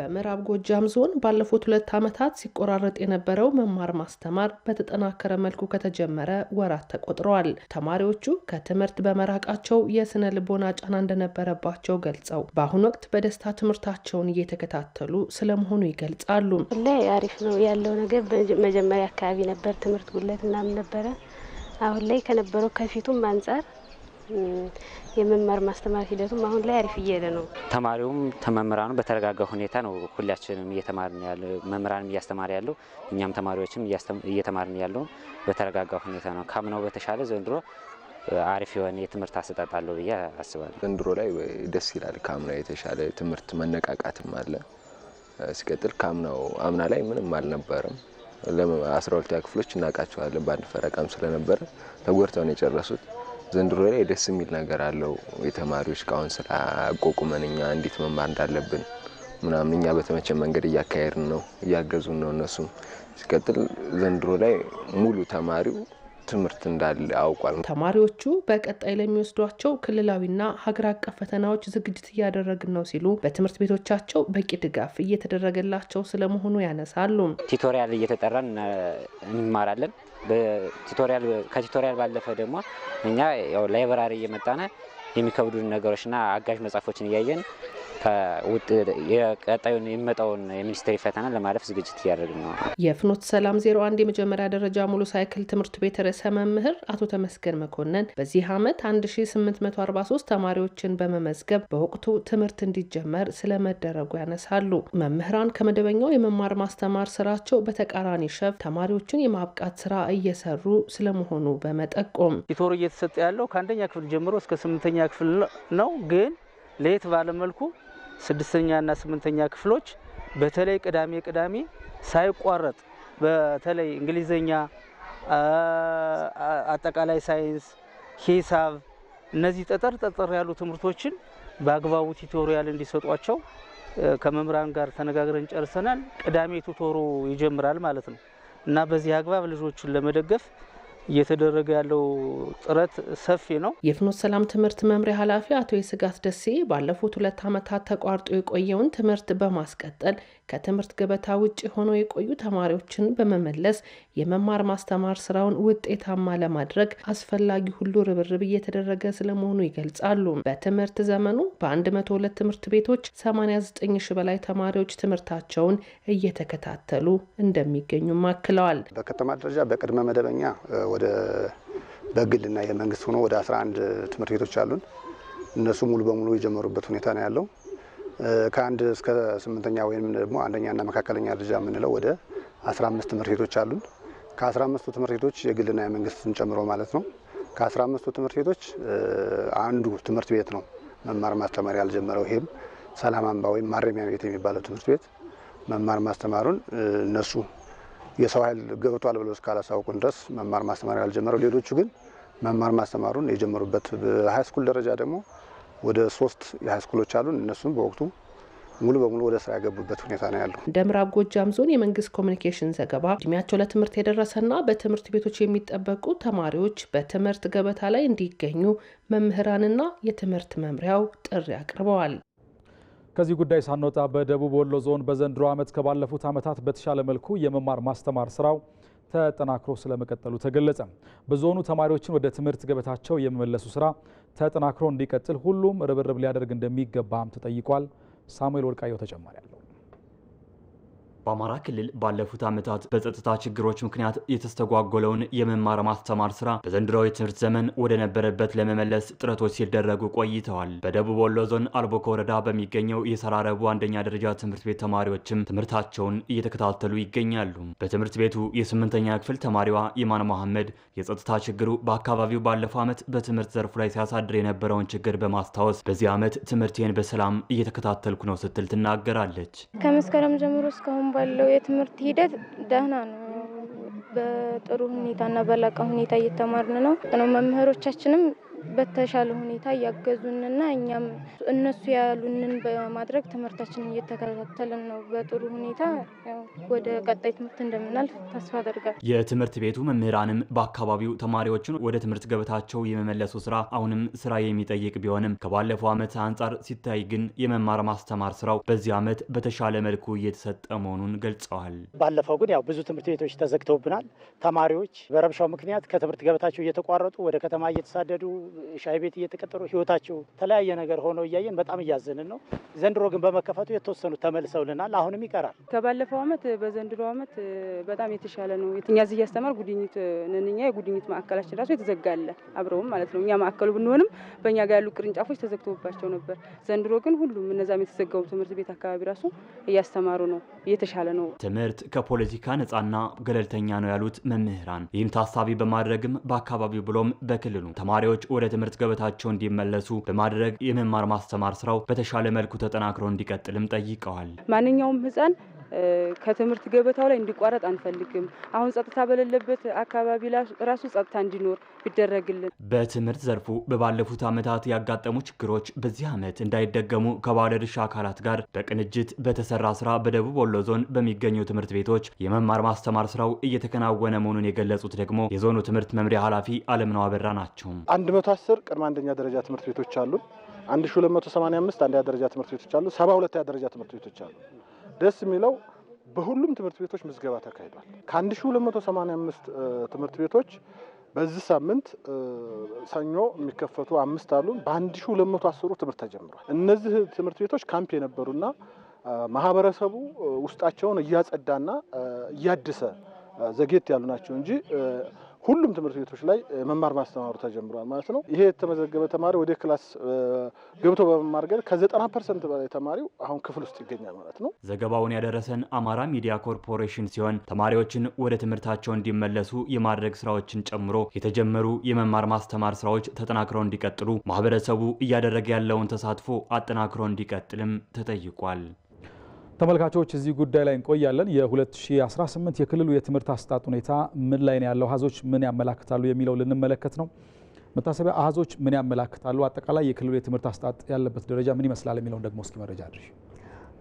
በምዕራብ ጎጃም ዞን ባለፉት ሁለት ዓመታት ሲቆራረጥ የነበረው መማር ማስተማር በተጠናከረ መልኩ ከተጀመረ ወራት ተቆጥረዋል። ተማሪዎቹ ከትምህርት በመራቃቸው የስነ ልቦና ጫና እንደነበረባቸው ገልጸው በአሁኑ ወቅት በደስታ ትምህርታቸውን እየተከታተሉ ስለመሆኑ ይገልጻሉ። ላይ አሪፍ ነው ያለው ነገር መጀመሪያ አካባቢ ነበር ትምህርት ጉለት ምናምን ነበረ። አሁን ላይ ከነበረው ከፊቱም አንጻር የመማር ማስተማር ሂደቱም አሁን ላይ አሪፍ እየሄደ ነው። ተማሪውም ተመምህራኑ በተረጋጋ ሁኔታ ነው ሁላችንም እየተማርን ያለ መምህራንም እያስተማር ያለው እኛም ተማሪዎችም እየተማርን ያለው በተረጋጋ ሁኔታ ነው። ካምናው በተሻለ ዘንድሮ አሪፍ የሆነ የትምህርት አሰጣጥ አለው ብዬ አስባለሁ። ዘንድሮ ላይ ደስ ይላል። ካምናው የተሻለ ትምህርት መነቃቃትም አለ። ሲቀጥል ካምናው አምና ላይ ምንም አልነበረም። ለአስራ ሁለተኛ ክፍሎች እናውቃቸዋለን በአንድ ፈረቃም ስለነበረ ተጎድተው ነው የጨረሱት። ዘንድሮ ላይ ደስ የሚል ነገር አለው። የተማሪዎች ካውንስል አቋቁመን እኛ እንዴት መማር እንዳለብን ምናምን እኛ በተመቸ መንገድ እያካሄድን ነው፣ እያገዙን ነው እነሱም። ሲቀጥል ዘንድሮ ላይ ሙሉ ተማሪው ትምህርት እንዳለ አውቋል። ተማሪዎቹ በቀጣይ ለሚወስዷቸው ክልላዊና ሀገር አቀፍ ፈተናዎች ዝግጅት እያደረግን ነው ሲሉ በትምህርት ቤቶቻቸው በቂ ድጋፍ እየተደረገላቸው ስለመሆኑ ያነሳሉ። ቲቶሪያል እየተጠራን እንማራለን። ከቲቶሪያል ባለፈ ደግሞ እኛ ላይብራሪ እየመጣነ የሚከብዱን ነገሮችና አጋዥ መጽሐፎችን እያየን ቀጣዩን የሚመጣውን የሚኒስቴር ፈተና ለማለፍ ዝግጅት እያደረግን ነው። የፍኖት ሰላም አንድ የመጀመሪያ ደረጃ ሙሉ ሳይክል ትምህርት ቤት ርዕሰ መምህር አቶ ተመስገን መኮንን በዚህ ዓመት 1843 ተማሪዎችን በመመዝገብ በወቅቱ ትምህርት እንዲጀመር ስለመደረጉ ያነሳሉ። መምህራን ከመደበኛው የመማር ማስተማር ስራቸው በተቃራኒ ሸፍ ተማሪዎችን የማብቃት ስራ እየሰሩ ስለመሆኑ በመጠቆም ቲቶር እየተሰጠ ያለው ከአንደኛ ክፍል ጀምሮ እስከ ስምንተኛ ክፍል ነው ግን ለየት ባለመልኩ ስድስተኛና ስምንተኛ ክፍሎች በተለይ ቅዳሜ ቅዳሜ ሳይቋረጥ በተለይ እንግሊዘኛ፣ አጠቃላይ ሳይንስ፣ ሂሳብ እነዚህ ጠጠር ጠጠር ያሉ ትምህርቶችን በአግባቡ ቲቶሪያል እንዲሰጧቸው ከመምህራን ጋር ተነጋግረን ጨርሰናል። ቅዳሜ ቱቶሮ ይጀምራል ማለት ነው እና በዚህ አግባብ ልጆችን ለመደገፍ እየተደረገ ያለው ጥረት ሰፊ ነው። የፍኖት ሰላም ትምህርት መምሪያ ኃላፊ አቶ የስጋት ደሴ ባለፉት ሁለት ዓመታት ተቋርጦ የቆየውን ትምህርት በማስቀጠል ከትምህርት ገበታ ውጭ ሆነው የቆዩ ተማሪዎችን በመመለስ የመማር ማስተማር ስራውን ውጤታማ ለማድረግ አስፈላጊ ሁሉ ርብርብ እየተደረገ ስለመሆኑ ይገልጻሉ። በትምህርት ዘመኑ በ102 ትምህርት ቤቶች 89 ሺ በላይ ተማሪዎች ትምህርታቸውን እየተከታተሉ እንደሚገኙም አክለዋል። በከተማ ደረጃ በቅድመ መደበኛ ወደ በግልና የመንግስት ሆኖ ወደ 11 ትምህርት ቤቶች አሉን። እነሱ ሙሉ በሙሉ የጀመሩበት ሁኔታ ነው ያለው። ከአንድ እስከ ስምንተኛ ወይም ደግሞ አንደኛና መካከለኛ ደረጃ የምንለው ወደ 15 ትምህርት ቤቶች አሉን። ከ15ቱ ትምህርት ቤቶች የግልና የመንግስትን ጨምሮ ማለት ነው። ከ15ቱ ትምህርት ቤቶች አንዱ ትምህርት ቤት ነው መማር ማስተማር ያልጀመረው። ይሄም ሰላም አምባ ወይም ማረሚያ ቤት የሚባለው ትምህርት ቤት መማር ማስተማሩን እነሱ የሰው ኃይል ገብቷል ብለው እስካላሳውቁን ድረስ መማር ማስተማር ያልጀመረው፣ ሌሎቹ ግን መማር ማስተማሩን የጀመሩበት በሃይስኩል ደረጃ ደግሞ ወደ ሶስት የሃይስኩሎች አሉን እነሱም በወቅቱ ሙሉ በሙሉ ወደ ስራ የገቡበት ሁኔታ ነው ያለው። እንደ ምዕራብ ጎጃም ዞን የመንግስት ኮሚኒኬሽን ዘገባ እድሜያቸው ለትምህርት የደረሰና በትምህርት ቤቶች የሚጠበቁ ተማሪዎች በትምህርት ገበታ ላይ እንዲገኙ መምህራንና የትምህርት መምሪያው ጥሪ አቅርበዋል። ከዚህ ጉዳይ ሳንወጣ በደቡብ ወሎ ዞን በዘንድሮ ዓመት ከባለፉት ዓመታት በተሻለ መልኩ የመማር ማስተማር ስራው ተጠናክሮ ስለመቀጠሉ ተገለጸ። በዞኑ ተማሪዎችን ወደ ትምህርት ገበታቸው የመመለሱ ስራ ተጠናክሮ እንዲቀጥል ሁሉም ርብርብ ሊያደርግ እንደሚገባም ተጠይቋል። ሳሙኤል ወርቃየው ተጨማሪ አለው። በአማራ ክልል ባለፉት ዓመታት በጸጥታ ችግሮች ምክንያት የተስተጓጎለውን የመማር ማስተማር ስራ በዘንድሮው የትምህርት ዘመን ወደ ነበረበት ለመመለስ ጥረቶች ሲደረጉ ቆይተዋል። በደቡብ ወሎ ዞን አልቦከ ወረዳ በሚገኘው የሰራረቡ አንደኛ ደረጃ ትምህርት ቤት ተማሪዎችም ትምህርታቸውን እየተከታተሉ ይገኛሉ። በትምህርት ቤቱ የስምንተኛ ክፍል ተማሪዋ ኢማን መሐመድ የጸጥታ ችግሩ በአካባቢው ባለፈው ዓመት በትምህርት ዘርፉ ላይ ሲያሳድር የነበረውን ችግር በማስታወስ በዚህ ዓመት ትምህርቴን በሰላም እየተከታተልኩ ነው ስትል ትናገራለች። ከመስከረም ጀምሮ እስካሁን ባለው የትምህርት ሂደት ደህና ነው። በጥሩ ሁኔታና በላቀ ሁኔታ እየተማርን ነው ነው መምህሮቻችንም በተሻለ ሁኔታ እያገዙንና እኛም እነሱ ያሉንን በማድረግ ትምህርታችንን እየተከታተልን ነው። በጥሩ ሁኔታ ወደ ቀጣይ ትምህርት እንደምናልፍ ተስፋ አደርጋል። የትምህርት ቤቱ መምህራንም በአካባቢው ተማሪዎችን ወደ ትምህርት ገበታቸው የመመለሱ ስራ አሁንም ስራ የሚጠይቅ ቢሆንም ከባለፈው ዓመት አንጻር ሲታይ ግን የመማር ማስተማር ስራው በዚህ ዓመት በተሻለ መልኩ እየተሰጠ መሆኑን ገልጸዋል። ባለፈው ግን ያው ብዙ ትምህርት ቤቶች ተዘግተውብናል። ተማሪዎች በረብሻው ምክንያት ከትምህርት ገበታቸው እየተቋረጡ ወደ ከተማ እየተሳደዱ ሻይ ቤት እየተቀጠሩ ህይወታቸው ተለያየ ነገር ሆኖ እያየን በጣም እያዘንን ነው። ዘንድሮ ግን በመከፈቱ የተወሰኑ ተመልሰውልናል። አሁንም ይቀራል። ከባለፈው ዓመት በዘንድሮ ዓመት በጣም የተሻለ ነው። የትኛ ዚህ እያስተማር ጉድኝት ነንኛ የጉድኝት ማዕከላችን ራሱ የተዘጋለ አብረውም ማለት ነው። እኛ ማዕከሉ ብንሆንም በእኛ ጋር ያሉ ቅርንጫፎች ተዘግቶባቸው ነበር። ዘንድሮ ግን ሁሉም እነዛም የተዘጋው ትምህርት ቤት አካባቢ ራሱ እያስተማሩ ነው። እየተሻለ ነው። ትምህርት ከፖለቲካ ነጻና ገለልተኛ ነው ያሉት መምህራን፣ ይህም ታሳቢ በማድረግም በአካባቢው ብሎም በክልሉ ተማሪዎች ወደ ትምህርት ገበታቸው እንዲመለሱ በማድረግ የመማር ማስተማር ስራው በተሻለ መልኩ ተጠናክሮ እንዲቀጥልም ጠይቀዋል። ማንኛውም ህፃን ከትምህርት ገበታው ላይ እንዲቋረጥ አንፈልግም። አሁን ጸጥታ በሌለበት አካባቢ ራሱ ጸጥታ እንዲኖር ቢደረግልን። በትምህርት ዘርፉ በባለፉት ዓመታት ያጋጠሙ ችግሮች በዚህ ዓመት እንዳይደገሙ ከባለድርሻ አካላት ጋር በቅንጅት በተሰራ ስራ በደቡብ ወሎ ዞን በሚገኙ ትምህርት ቤቶች የመማር ማስተማር ስራው እየተከናወነ መሆኑን የገለጹት ደግሞ የዞኑ ትምህርት መምሪያ ኃላፊ አለምነው አበራ ናቸው። 110 ቅድመ አንደኛ ደረጃ ትምህርት ቤቶች አሉ። 1285 አንደኛ ደረጃ ትምህርት ቤቶች አሉ። 72 ደረጃ ትምህርት ቤቶች አሉ። ደስ የሚለው በሁሉም ትምህርት ቤቶች ምዝገባ ተካሂዷል። ከ1285 ትምህርት ቤቶች በዚህ ሳምንት ሰኞ የሚከፈቱ አምስት አሉ። በ1210 ትምህርት ተጀምሯል። እነዚህ ትምህርት ቤቶች ካምፕ የነበሩና ማህበረሰቡ ውስጣቸውን እያጸዳና እያደሰ ዘጌት ያሉ ናቸው እንጂ ሁሉም ትምህርት ቤቶች ላይ መማር ማስተማሩ ተጀምሯል ማለት ነው። ይሄ የተመዘገበ ተማሪ ወደ ክላስ ገብቶ በመማር ገር ከዘጠና ፐርሰንት በላይ ተማሪው አሁን ክፍል ውስጥ ይገኛል ማለት ነው። ዘገባውን ያደረሰን አማራ ሚዲያ ኮርፖሬሽን ሲሆን ተማሪዎችን ወደ ትምህርታቸው እንዲመለሱ የማድረግ ስራዎችን ጨምሮ የተጀመሩ የመማር ማስተማር ስራዎች ተጠናክረው እንዲቀጥሉ ማህበረሰቡ እያደረገ ያለውን ተሳትፎ አጠናክሮ እንዲቀጥልም ተጠይቋል። ተመልካቾች እዚህ ጉዳይ ላይ እንቆያለን። የ2018 የክልሉ የትምህርት አሰጣጥ ሁኔታ ምን ላይ ነው ያለው፣ አሃዞች ምን ያመላክታሉ የሚለው ልንመለከት ነው። መታሰቢያ አሃዞች ምን ያመላክታሉ፣ አጠቃላይ የክልሉ የትምህርት አሰጣጥ ያለበት ደረጃ ምን ይመስላል የሚለውን ደግሞ እስኪ መረጃ አድርሽ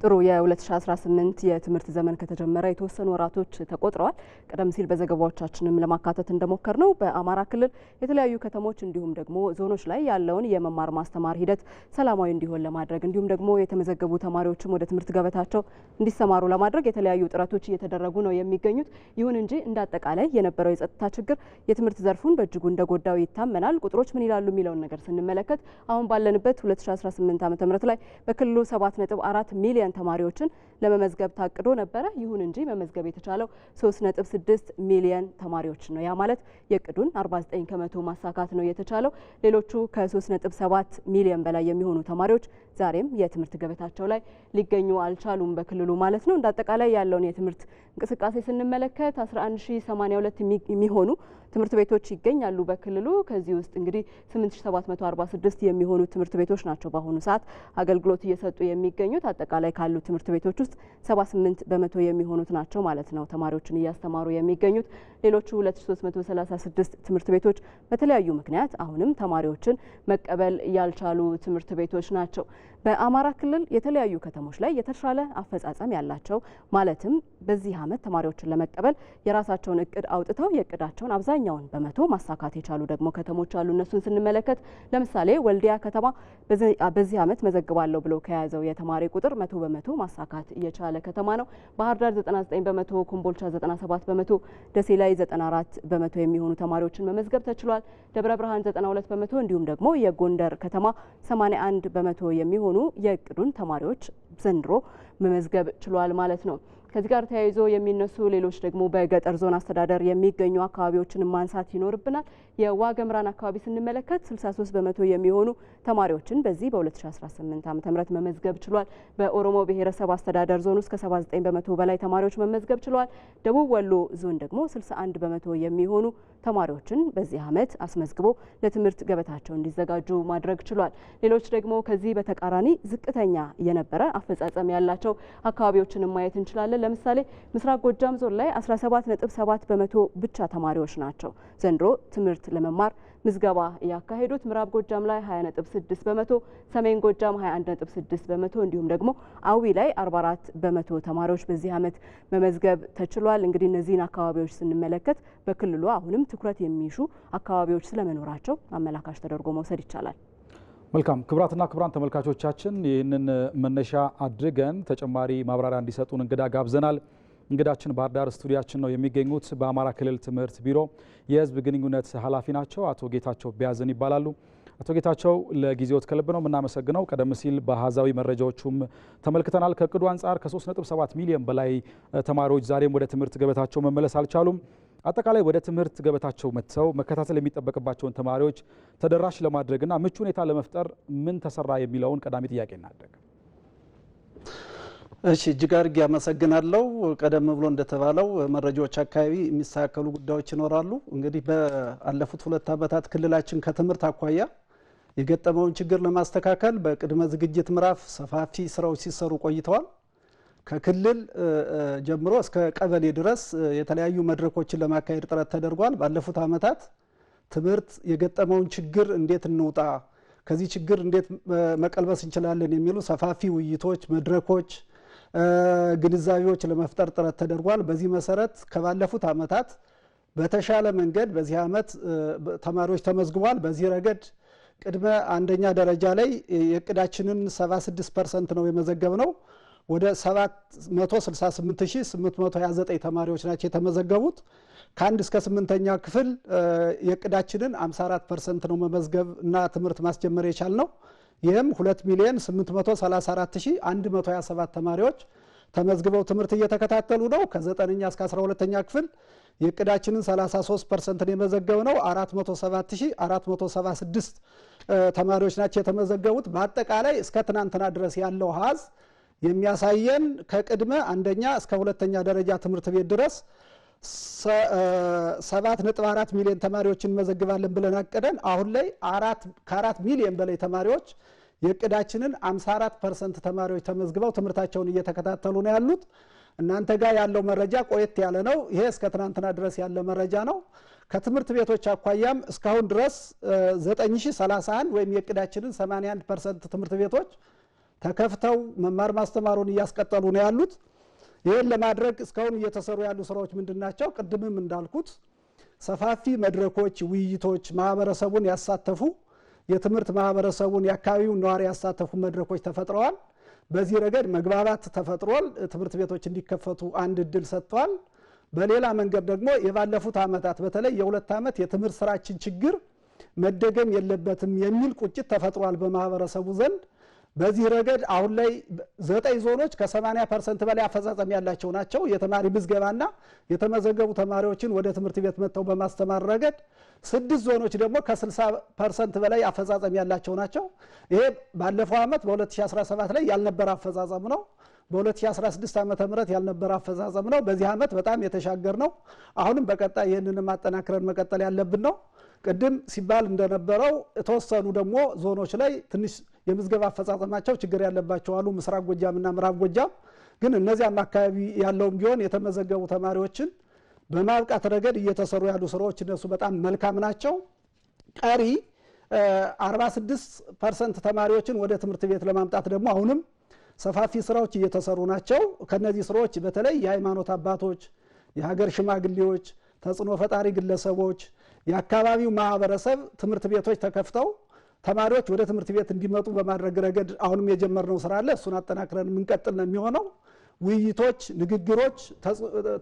ጥሩ የ2018 የትምህርት ዘመን ከተጀመረ የተወሰኑ ወራቶች ተቆጥረዋል። ቀደም ሲል በዘገባዎቻችንም ለማካተት እንደሞከር ነው በአማራ ክልል የተለያዩ ከተሞች እንዲሁም ደግሞ ዞኖች ላይ ያለውን የመማር ማስተማር ሂደት ሰላማዊ እንዲሆን ለማድረግ እንዲሁም ደግሞ የተመዘገቡ ተማሪዎችም ወደ ትምህርት ገበታቸው እንዲሰማሩ ለማድረግ የተለያዩ ጥረቶች እየተደረጉ ነው የሚገኙት። ይሁን እንጂ እንደ አጠቃላይ የነበረው የጸጥታ ችግር የትምህርት ዘርፉን በእጅጉ እንደጎዳው ይታመናል። ቁጥሮች ምን ይላሉ የሚለውን ነገር ስንመለከት አሁን ባለንበት 2018 ም ላይ በክልሉ 7.4 ሚሊዮን ሚሊዮን ተማሪዎችን ለመመዝገብ ታቅዶ ነበረ። ይሁን እንጂ መመዝገብ የተቻለው 3.6 ሚሊዮን ተማሪዎች ነው። ያ ማለት የቅዱን 49 ከመቶ ማሳካት ነው የተቻለው። ሌሎቹ ከ3.7 ሚሊዮን በላይ የሚሆኑ ተማሪዎች ዛሬም የትምህርት ገበታቸው ላይ ሊገኙ አልቻሉም በክልሉ ማለት ነው። እንደ አጠቃላይ ያለውን የትምህርት እንቅስቃሴ ስንመለከት 11082 የሚሆኑ ትምህርት ቤቶች ይገኛሉ በክልሉ። ከዚህ ውስጥ እንግዲህ 8746 የሚሆኑ ትምህርት ቤቶች ናቸው በአሁኑ ሰዓት አገልግሎት እየሰጡ የሚገኙት። አጠቃላይ ካሉ ትምህርት ቤቶች ውስጥ 78 በመቶ የሚሆኑት ናቸው ማለት ነው ተማሪዎችን እያስተማሩ የሚገኙት። ሌሎቹ 2336 ትምህርት ቤቶች በተለያዩ ምክንያት አሁንም ተማሪዎችን መቀበል ያልቻሉ ትምህርት ቤቶች ናቸው። በአማራ ክልል የተለያዩ ከተሞች ላይ የተሻለ አፈጻጸም ያላቸው ማለትም በዚህ ዓመት ተማሪዎችን ለመቀበል የራሳቸውን እቅድ አውጥተው የእቅዳቸውን አብዛኛውን በመቶ ማሳካት የቻሉ ደግሞ ከተሞች አሉ። እነሱን ስንመለከት ለምሳሌ ወልዲያ ከተማ በዚህ ዓመት መዘግባለሁ ብሎ ከያዘው የተማሪ ቁጥር መቶ በመቶ ማሳካት የቻለ ከተማ ነው። ባህር ዳር 99 በመቶ፣ ኮምቦልቻ 97 በመቶ፣ ደሴ ላይ 94 በመቶ የሚሆኑ ተማሪዎችን መመዝገብ ተችሏል። ደብረ ብርሃን 92 በመቶ እንዲሁም ደግሞ የጎንደር ከተማ 81 በመቶ የሚ የሚሆኑ የእቅዱን ተማሪዎች ዘንድሮ መመዝገብ ችሏል ማለት ነው። ከዚህ ጋር ተያይዞ የሚነሱ ሌሎች ደግሞ በገጠር ዞን አስተዳደር የሚገኙ አካባቢዎችን ማንሳት ይኖርብናል። የዋገምራን አካባቢ ስንመለከት 63 በመቶ የሚሆኑ ተማሪዎችን በዚህ በ2018 ዓ ም መመዝገብ ችሏል። በኦሮሞ ብሔረሰብ አስተዳደር ዞን ውስጥ ከ79 በመቶ በላይ ተማሪዎች መመዝገብ ችሏል። ደቡብ ወሎ ዞን ደግሞ 61 በመቶ የሚሆኑ ተማሪዎችን በዚህ ዓመት አስመዝግቦ ለትምህርት ገበታቸው እንዲዘጋጁ ማድረግ ችሏል። ሌሎች ደግሞ ከዚህ በተቃራኒ ዝቅተኛ የነበረ አፈጻጸም ያላቸው አካባቢዎችን ማየት እንችላለን። እንችላለን። ለምሳሌ ምስራቅ ጎጃም ዞን ላይ 17.7 በመቶ ብቻ ተማሪዎች ናቸው ዘንድሮ ትምህርት ለመማር ምዝገባ ያካሄዱት። ምዕራብ ጎጃም ላይ 20.6 በመቶ፣ ሰሜን ጎጃም 21.6 በመቶ እንዲሁም ደግሞ አዊ ላይ 44 በመቶ ተማሪዎች በዚህ ዓመት መመዝገብ ተችሏል። እንግዲህ እነዚህን አካባቢዎች ስንመለከት በክልሉ አሁንም ትኩረት የሚሹ አካባቢዎች ስለመኖራቸው አመላካች ተደርጎ መውሰድ ይቻላል። መልካም ክብራትና ክብራን ተመልካቾቻችን ይህንን መነሻ አድርገን ተጨማሪ ማብራሪያ እንዲሰጡን እንግዳ ጋብዘናል። እንግዳችን ባህር ዳር ስቱዲያችን ነው የሚገኙት። በአማራ ክልል ትምህርት ቢሮ የህዝብ ግንኙነት ኃላፊ ናቸው። አቶ ጌታቸው ቢያዝን ይባላሉ። አቶ ጌታቸው ለጊዜዎት ከልብ ነው የምናመሰግነው። ቀደም ሲል በአሃዛዊ መረጃዎቹም ተመልክተናል። ከእቅዱ አንጻር ከ3.7 ሚሊዮን በላይ ተማሪዎች ዛሬም ወደ ትምህርት ገበታቸው መመለስ አልቻሉም። አጠቃላይ ወደ ትምህርት ገበታቸው መጥተው መከታተል የሚጠበቅባቸውን ተማሪዎች ተደራሽ ለማድረግና ምቹ ሁኔታ ለመፍጠር ምን ተሰራ የሚለውን ቀዳሚ ጥያቄ እናደርግ። እሺ፣ እጅግ አድርጌ አመሰግናለሁ። ቀደም ብሎ እንደተባለው መረጃዎች አካባቢ የሚስተካከሉ ጉዳዮች ይኖራሉ። እንግዲህ በአለፉት ሁለት ዓመታት ክልላችን ከትምህርት አኳያ የገጠመውን ችግር ለማስተካከል በቅድመ ዝግጅት ምዕራፍ ሰፋፊ ስራዎች ሲሰሩ ቆይተዋል። ከክልል ጀምሮ እስከ ቀበሌ ድረስ የተለያዩ መድረኮችን ለማካሄድ ጥረት ተደርጓል። ባለፉት ዓመታት ትምህርት የገጠመውን ችግር እንዴት እንውጣ፣ ከዚህ ችግር እንዴት መቀልበስ እንችላለን የሚሉ ሰፋፊ ውይይቶች፣ መድረኮች፣ ግንዛቤዎች ለመፍጠር ጥረት ተደርጓል። በዚህ መሰረት ከባለፉት ዓመታት በተሻለ መንገድ በዚህ ዓመት ተማሪዎች ተመዝግቧል። በዚህ ረገድ ቅድመ አንደኛ ደረጃ ላይ የእቅዳችንን 76 ፐርሰንት ነው የመዘገብ ነው። ወደ 768829 ተማሪዎች ናቸው የተመዘገቡት። ከአንድ እስከ ስምንተኛ ክፍል የእቅዳችንን 54 ፐርሰንት ነው መመዝገብ እና ትምህርት ማስጀመር የቻልነው። ይህም 2 ሚሊዮን 834127 ተማሪዎች ተመዝግበው ትምህርት እየተከታተሉ ነው። ከዘጠነኛ እስከ 12ተኛ ክፍል የእቅዳችንን 33 ፐርሰንትን የመዘገብ ነው 407476 ተማሪዎች ናቸው የተመዘገቡት። በአጠቃላይ እስከ ትናንትና ድረስ ያለው ሀዝ የሚያሳየን ከቅድመ አንደኛ እስከ ሁለተኛ ደረጃ ትምህርት ቤት ድረስ ሰባት ነጥብ አራት ሚሊዮን ተማሪዎችን እንመዘግባለን ብለን አቅደን አሁን ላይ ከአራት ሚሊዮን በላይ ተማሪዎች የእቅዳችንን 54 ፐርሰንት ተማሪዎች ተመዝግበው ትምህርታቸውን እየተከታተሉ ነው ያሉት። እናንተ ጋር ያለው መረጃ ቆየት ያለ ነው። ይሄ እስከ ትናንትና ድረስ ያለ መረጃ ነው። ከትምህርት ቤቶች አኳያም እስካሁን ድረስ 9031 ወይም የእቅዳችንን 81 ፐርሰንት ትምህርት ቤቶች ተከፍተው መማር ማስተማሩን እያስቀጠሉ ነው ያሉት። ይህን ለማድረግ እስካሁን እየተሰሩ ያሉ ስራዎች ምንድን ናቸው? ቅድምም እንዳልኩት ሰፋፊ መድረኮች፣ ውይይቶች ማህበረሰቡን ያሳተፉ የትምህርት ማህበረሰቡን የአካባቢውን ነዋሪ ያሳተፉ መድረኮች ተፈጥረዋል። በዚህ ረገድ መግባባት ተፈጥሯል። ትምህርት ቤቶች እንዲከፈቱ አንድ እድል ሰጥቷል። በሌላ መንገድ ደግሞ የባለፉት ዓመታት በተለይ የሁለት ዓመት የትምህርት ስራችን ችግር መደገም የለበትም የሚል ቁጭት ተፈጥሯል በማህበረሰቡ ዘንድ። በዚህ ረገድ አሁን ላይ ዘጠኝ ዞኖች ከ80 ፐርሰንት በላይ አፈጻጸም ያላቸው ናቸው። የተማሪ ምዝገባና የተመዘገቡ ተማሪዎችን ወደ ትምህርት ቤት መጥተው በማስተማር ረገድ ስድስት ዞኖች ደግሞ ከ60 ፐርሰንት በላይ አፈጻጸም ያላቸው ናቸው። ይሄ ባለፈው ዓመት በ2017 ላይ ያልነበረ አፈጻጸም ነው። በ2016 ዓ ም ያልነበረ አፈጻጸም ነው። በዚህ ዓመት በጣም የተሻገር ነው። አሁንም በቀጣይ ይህንን ማጠናክረን መቀጠል ያለብን ነው። ቅድም ሲባል እንደነበረው የተወሰኑ ደግሞ ዞኖች ላይ ትንሽ የምዝገባ አፈጻጸማቸው ችግር ያለባቸው አሉ፣ ምስራቅ ጎጃምና ምዕራብ ጎጃም። ግን እነዚያም አካባቢ ያለውም ቢሆን የተመዘገቡ ተማሪዎችን በማብቃት ረገድ እየተሰሩ ያሉ ስራዎች እነሱ በጣም መልካም ናቸው። ቀሪ 46 ፐርሰንት ተማሪዎችን ወደ ትምህርት ቤት ለማምጣት ደግሞ አሁንም ሰፋፊ ስራዎች እየተሰሩ ናቸው። ከነዚህ ስራዎች በተለይ የሃይማኖት አባቶች፣ የሀገር ሽማግሌዎች፣ ተጽዕኖ ፈጣሪ ግለሰቦች የአካባቢው ማህበረሰብ ትምህርት ቤቶች ተከፍተው ተማሪዎች ወደ ትምህርት ቤት እንዲመጡ በማድረግ ረገድ አሁንም የጀመርነው ስራ አለ። እሱን አጠናክረን የምንቀጥል ነው የሚሆነው። ውይይቶች፣ ንግግሮች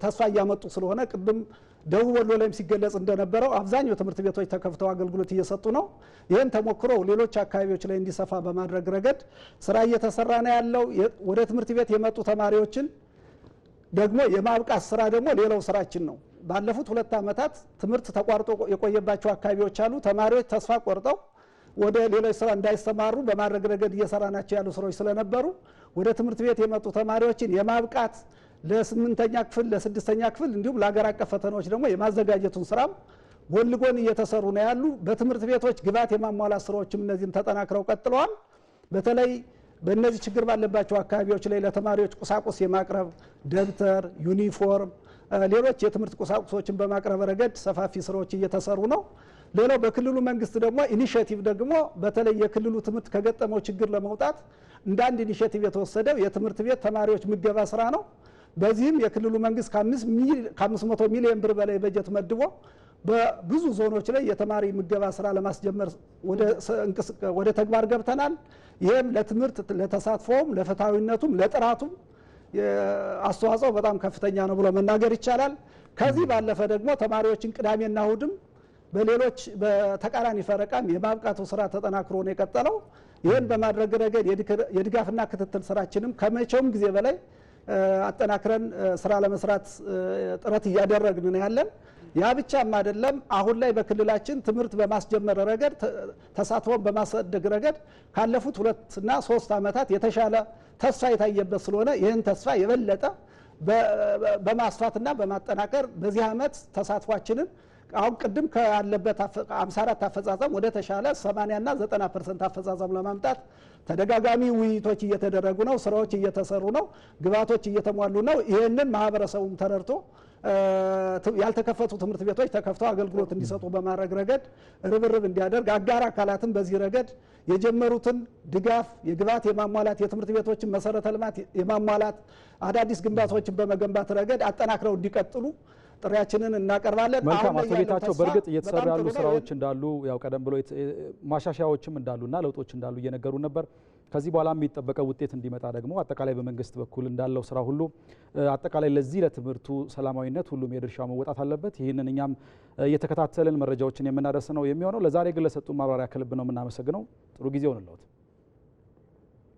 ተስፋ እያመጡ ስለሆነ ቅድም ደቡብ ወሎ ላይም ሲገለጽ እንደነበረው አብዛኛው ትምህርት ቤቶች ተከፍተው አገልግሎት እየሰጡ ነው። ይህን ተሞክሮ ሌሎች አካባቢዎች ላይ እንዲሰፋ በማድረግ ረገድ ስራ እየተሰራ ነው ያለው። ወደ ትምህርት ቤት የመጡ ተማሪዎችን ደግሞ የማብቃት ስራ ደግሞ ሌላው ስራችን ነው። ባለፉት ሁለት ዓመታት ትምህርት ተቋርጦ የቆየባቸው አካባቢዎች አሉ። ተማሪዎች ተስፋ ቆርጠው ወደ ሌሎች ስራ እንዳይሰማሩ በማድረግ ረገድ እየሰራ ናቸው ያሉ ስራዎች ስለነበሩ ወደ ትምህርት ቤት የመጡ ተማሪዎችን የማብቃት ለስምንተኛ ክፍል ለስድስተኛ ክፍል እንዲሁም ለሀገር አቀፍ ፈተናዎች ደግሞ የማዘጋጀቱን ስራም ጎን ለጎን እየተሰሩ ነው ያሉ። በትምህርት ቤቶች ግብዓት የማሟላት ስራዎችም እነዚህም ተጠናክረው ቀጥለዋል። በተለይ በእነዚህ ችግር ባለባቸው አካባቢዎች ላይ ለተማሪዎች ቁሳቁስ የማቅረብ ደብተር፣ ዩኒፎርም ሌሎች የትምህርት ቁሳቁሶችን በማቅረብ ረገድ ሰፋፊ ስራዎች እየተሰሩ ነው። ሌላው በክልሉ መንግስት ደግሞ ኢኒሽቲቭ ደግሞ በተለይ የክልሉ ትምህርት ከገጠመው ችግር ለመውጣት እንደ አንድ ኢኒሽቲቭ የተወሰደው የትምህርት ቤት ተማሪዎች ምገባ ስራ ነው። በዚህም የክልሉ መንግስት ከ500 ሚሊዮን ብር በላይ በጀት መድቦ በብዙ ዞኖች ላይ የተማሪ ምገባ ስራ ለማስጀመር ወደ ተግባር ገብተናል። ይህም ለትምህርት ለተሳትፎውም፣ ለፍትሐዊነቱም፣ ለጥራቱም አስተዋጽኦ በጣም ከፍተኛ ነው ብሎ መናገር ይቻላል። ከዚህ ባለፈ ደግሞ ተማሪዎችን ቅዳሜና እሁድም በሌሎች በተቃራኒ ፈረቃም የማብቃቱ ስራ ተጠናክሮ ነው የቀጠለው። ይህን በማድረግ ረገድ የድጋፍና ክትትል ስራችንም ከመቼውም ጊዜ በላይ አጠናክረን ስራ ለመስራት ጥረት እያደረግን ነው ያለን። ያ ብቻም አይደለም። አሁን ላይ በክልላችን ትምህርት በማስጀመር ረገድ፣ ተሳትፎን በማሳደግ ረገድ ካለፉት ሁለትና ሶስት ዓመታት የተሻለ ተስፋ የታየበት ስለሆነ ይህን ተስፋ የበለጠ በማስፋትና በማጠናከር በዚህ ዓመት ተሳትፏችንን አሁን ቅድም ካለበት 54 አፈጻጸም ወደ ተሻለ 80 እና 90 ፐርሰንት አፈጻጸም ለማምጣት ተደጋጋሚ ውይይቶች እየተደረጉ ነው። ስራዎች እየተሰሩ ነው። ግብዓቶች እየተሟሉ ነው። ይህንን ማህበረሰቡም ተረድቶ ያልተከፈቱ ትምህርት ቤቶች ተከፍተው አገልግሎት እንዲሰጡ በማድረግ ረገድ ርብርብ እንዲያደርግ አጋር አካላትም በዚህ ረገድ የጀመሩትን ድጋፍ የግብዓት የማሟላት የትምህርት ቤቶችን መሰረተ ልማት የማሟላት አዳዲስ ግንባታዎችን በመገንባት ረገድ አጠናክረው እንዲቀጥሉ ጥሪያችንን እናቀርባለን። መልካም አቶ ጌታቸው፣ በእርግጥ እየተሰሩ ያሉ ስራዎች እንዳሉ ያው ቀደም ብሎ ማሻሻያዎችም እንዳሉና ለውጦች እንዳሉ እየነገሩ ነበር። ከዚህ በኋላ የሚጠበቀው ውጤት እንዲመጣ ደግሞ አጠቃላይ በመንግስት በኩል እንዳለው ስራ ሁሉ አጠቃላይ ለዚህ ለትምህርቱ ሰላማዊነት ሁሉም የድርሻው መወጣት አለበት። ይህንን እኛም እየተከታተልን መረጃዎችን የምናደርስ ነው የሚሆነው። ለዛሬ ግን ለሰጡ ማብራሪያ ከልብ ነው የምናመሰግነው። ጥሩ ጊዜ ሆንለት።